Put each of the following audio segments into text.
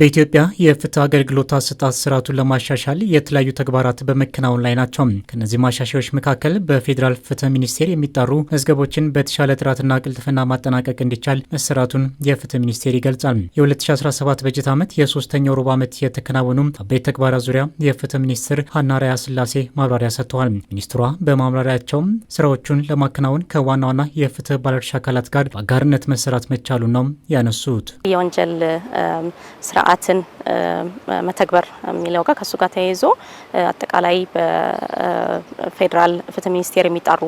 በኢትዮጵያ የፍትህ አገልግሎት አሰጣጥ ስርዓቱን ለማሻሻል የተለያዩ ተግባራት በመከናወን ላይ ናቸው። ከእነዚህ ማሻሻዮች መካከል በፌዴራል ፍትህ ሚኒስቴር የሚጣሩ መዝገቦችን በተሻለ ጥራትና ቅልጥፍና ማጠናቀቅ እንዲቻል መሰራቱን የፍትህ ሚኒስቴር ይገልጻል። የ2017 በጀት ዓመት የሶስተኛው ሩብ ዓመት የተከናወኑ አበይት ተግባራት ዙሪያ የፍትህ ሚኒስትር ራያ ስላሴ ማብራሪያ ሰጥተዋል። ሚኒስትሯ በማብራሪያቸውም ስራዎቹን ለማከናወን ከዋና ዋና የፍትህ ባለድርሻ አካላት ጋር በአጋርነት መሰራት መቻሉ ነው ያነሱት። የወንጀል ስርዓትን መተግበር የሚለው ጋር ከእሱ ጋር ተያይዞ አጠቃላይ በፌዴራል ፍትህ ሚኒስቴር የሚጣሩ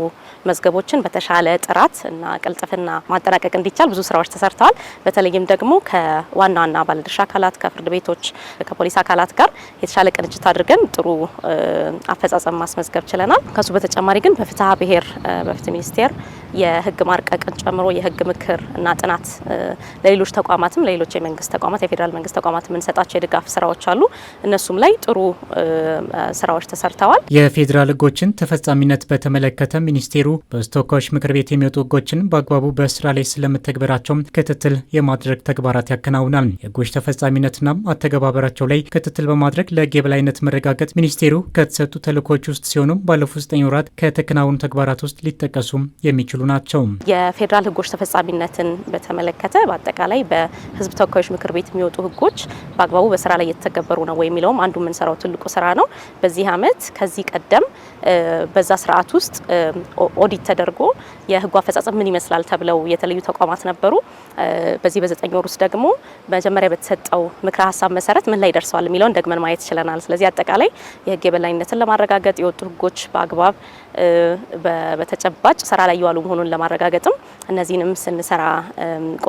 መዝገቦችን በተሻለ ጥራት እና ቅልጥፍና ማጠናቀቅ እንዲቻል ብዙ ስራዎች ተሰርተዋል። በተለይም ደግሞ ከዋና ዋና ባለድርሻ አካላት፣ ከፍርድ ቤቶች፣ ከፖሊስ አካላት ጋር የተሻለ ቅንጅት አድርገን ጥሩ አፈጻጸም ማስመዝገብ ችለናል። ከሱ በተጨማሪ ግን በፍትሀ ብሔር በፍትህ ሚኒስቴር የህግ ማርቀቅን ጨምሮ የህግ ምክር እና ጥናት ለሌሎች ተቋማትም ለሌሎች የመንግስት ተቋማት የፌዴራል መንግስት ተቋማት የምንሰጣቸው የድጋፍ ስራዎች አሉ። እነሱም ላይ ጥሩ ስራዎች ተሰርተዋል። የፌዴራል ህጎችን ተፈጻሚነት በተመለከተ ሚኒስቴሩ በተወካዮች ምክር ቤት የሚወጡ ህጎችን በአግባቡ በስራ ላይ ስለመተግበራቸውም ክትትል የማድረግ ተግባራት ያከናውናል። የህጎች ተፈጻሚነትና አተገባበራቸው ላይ ክትትል በማድረግ ለህግ የበላይነት መረጋገጥ ሚኒስቴሩ ከተሰጡ ተልእኮች ውስጥ ሲሆኑም ባለፉት ዘጠኝ ወራት ከተከናወኑ ተግባራት ውስጥ ሊጠቀሱም የሚችሉ ናቸው። የፌዴራል ህጎች ተፈጻሚነትን በተመለከተ በአጠቃላይ በህዝብ ተወካዮች ምክር ቤት የሚወጡ ህጎች ህጎች በአግባቡ በስራ ላይ እየተገበሩ ነው ወይ የሚለውም አንዱ የምንሰራው ትልቁ ስራ ነው። በዚህ አመት ከዚህ ቀደም በዛ ስርዓት ውስጥ ኦዲት ተደርጎ የህጉ አፈጻጸም ምን ይመስላል ተብለው የተለዩ ተቋማት ነበሩ። በዚህ በዘጠኝ ወር ውስጥ ደግሞ መጀመሪያ በተሰጠው ምክረ ሀሳብ መሰረት ምን ላይ ደርሰዋል የሚለውን ደግመን ማየት ችለናል። ስለዚህ አጠቃላይ የህግ የበላይነትን ለማረጋገጥ የወጡ ህጎች በአግባብ በተጨባጭ ስራ ላይ የዋሉ መሆኑን ለማረጋገጥም እነዚህንም ስንሰራ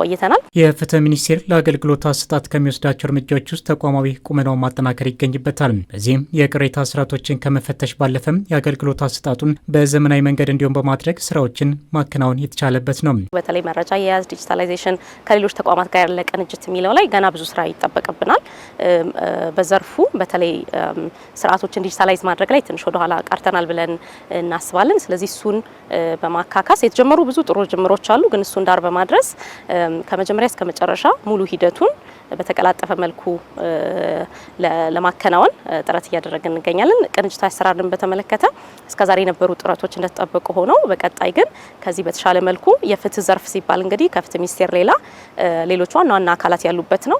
ቆይተናል። የፍትህ ሚኒስቴር ለአገልግሎት አሰጣጥ ከሚወስዳቸው ከሚወስዳቸው እርምጃዎች ውስጥ ተቋማዊ ቁመናውን ማጠናከር ይገኝበታል። በዚህም የቅሬታ ስርዓቶችን ከመፈተሽ ባለፈም የአገልግሎት አሰጣጡን በዘመናዊ መንገድ እንዲሁም በማድረግ ስራዎችን ማከናወን የተቻለበት ነው። በተለይ መረጃ የያዝ ዲጂታላይዜሽን ከሌሎች ተቋማት ጋር ያለ ቅንጅት የሚለው ላይ ገና ብዙ ስራ ይጠበቅብናል። በዘርፉ በተለይ ስርዓቶችን ዲጂታላይዝ ማድረግ ላይ ትንሽ ወደኋላ ቀርተናል ብለን እናስባለን። ስለዚህ እሱን በማካካስ የተጀመሩ ብዙ ጥሩ ጅምሮች አሉ። ግን እሱን ዳር በማድረስ ከመጀመሪያ እስከ መጨረሻ ሙሉ ሂደቱን በተቀላጠፈ መልኩ ለማከናወን ጥረት እያደረግን እንገኛለን። ቅንጅት አሰራርን በተመለከተ እስከዛሬ የነበሩ ጥረቶች እንደተጠበቁ ሆነው በቀጣይ ግን ከዚህ በተሻለ መልኩ የፍትህ ዘርፍ ሲባል እንግዲህ ከፍትህ ሚኒስቴር ሌላ ሌሎች ዋና ዋና አካላት ያሉበት ነው።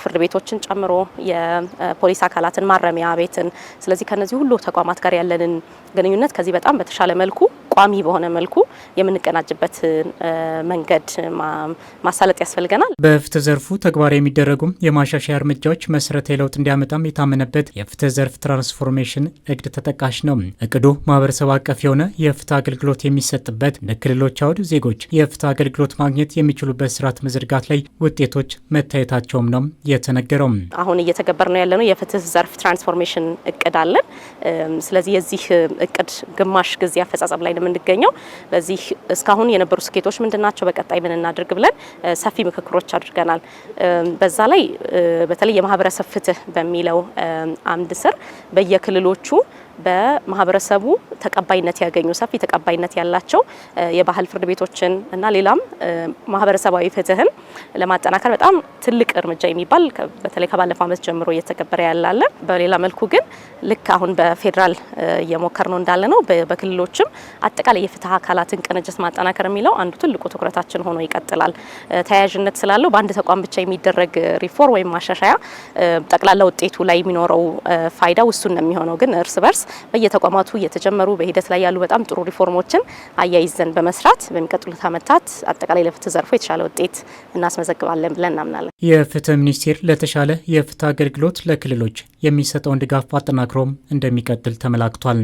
ፍርድ ቤቶችን ጨምሮ የፖሊስ አካላትን፣ ማረሚያ ቤትን፣ ስለዚህ ከነዚህ ሁሉ ተቋማት ጋር ያለንን ግንኙነት ከዚህ በጣም በተሻለ መልኩ ቋሚ በሆነ መልኩ የምንቀናጅበት መንገድ ማሳለጥ ያስፈልገናል። በፍትህ ዘርፉ ተግባራዊ የሚደረጉ የማሻሻያ እርምጃዎች መሰረታዊ ለውጥ እንዲያመጣም የታመነበት የፍትህ ዘርፍ ትራንስፎርሜሽን እቅድ ተጠቃሽ ነው። እቅዱ ማህበረሰብ አቀፍ የሆነ የፍትህ አገልግሎት የሚሰጥበት ለክልሎች አውድ ዜጎች የፍትህ አገልግሎት ማግኘት የሚችሉበት ስርዓት መዘርጋት ላይ ውጤቶች መታየታቸውም ነው የተነገረው። አሁን እየተገበር ነው ያለነው የፍትህ ዘርፍ ትራንስፎርሜሽን እቅድ አለን። ስለዚህ የዚህ እቅድ ግማሽ ጊዜ አፈጻጸም ላይ የምንገኘው። ለዚህ እስካሁን የነበሩ ስኬቶች ምንድናቸው፣ በቀጣይ ምን እናድርግ ብለን ሰፊ ምክክሮች አድርገናል። በዛ ላይ በተለይ የማህበረሰብ ፍትህ በሚለው አምድ ስር በየክልሎቹ በማህበረሰቡ ተቀባይነት ያገኙ ሰፊ ተቀባይነት ያላቸው የባህል ፍርድ ቤቶችን እና ሌላም ማህበረሰባዊ ፍትህን ለማጠናከር በጣም ትልቅ እርምጃ የሚባል በተለይ ከባለፈው ዓመት ጀምሮ እየተገበረ ያላለ። በሌላ መልኩ ግን ልክ አሁን በፌዴራል እየሞከር ነው እንዳለ ነው በክልሎችም አጠቃላይ የፍትህ አካላትን ቅንጅት ማጠናከር የሚለው አንዱ ትልቁ ትኩረታችን ሆኖ ይቀጥላል። ተያያዥነት ስላለው በአንድ ተቋም ብቻ የሚደረግ ሪፎርም ወይም ማሻሻያ ጠቅላላ ውጤቱ ላይ የሚኖረው ፋይዳ ውሱን ነው የሚሆነው ግን እርስ በርስ በየተቋማቱ እየተጀመሩ በሂደት ላይ ያሉ በጣም ጥሩ ሪፎርሞችን አያይዘን በመስራት በሚቀጥሉት ዓመታት አጠቃላይ ለፍትህ ዘርፎ የተሻለ ውጤት እናስመዘግባለን ብለን እናምናለን። የፍትህ ሚኒስቴር ለተሻለ የፍትህ አገልግሎት ለክልሎች የሚሰጠውን ድጋፍ አጠናክሮም እንደሚቀጥል ተመላክቷል።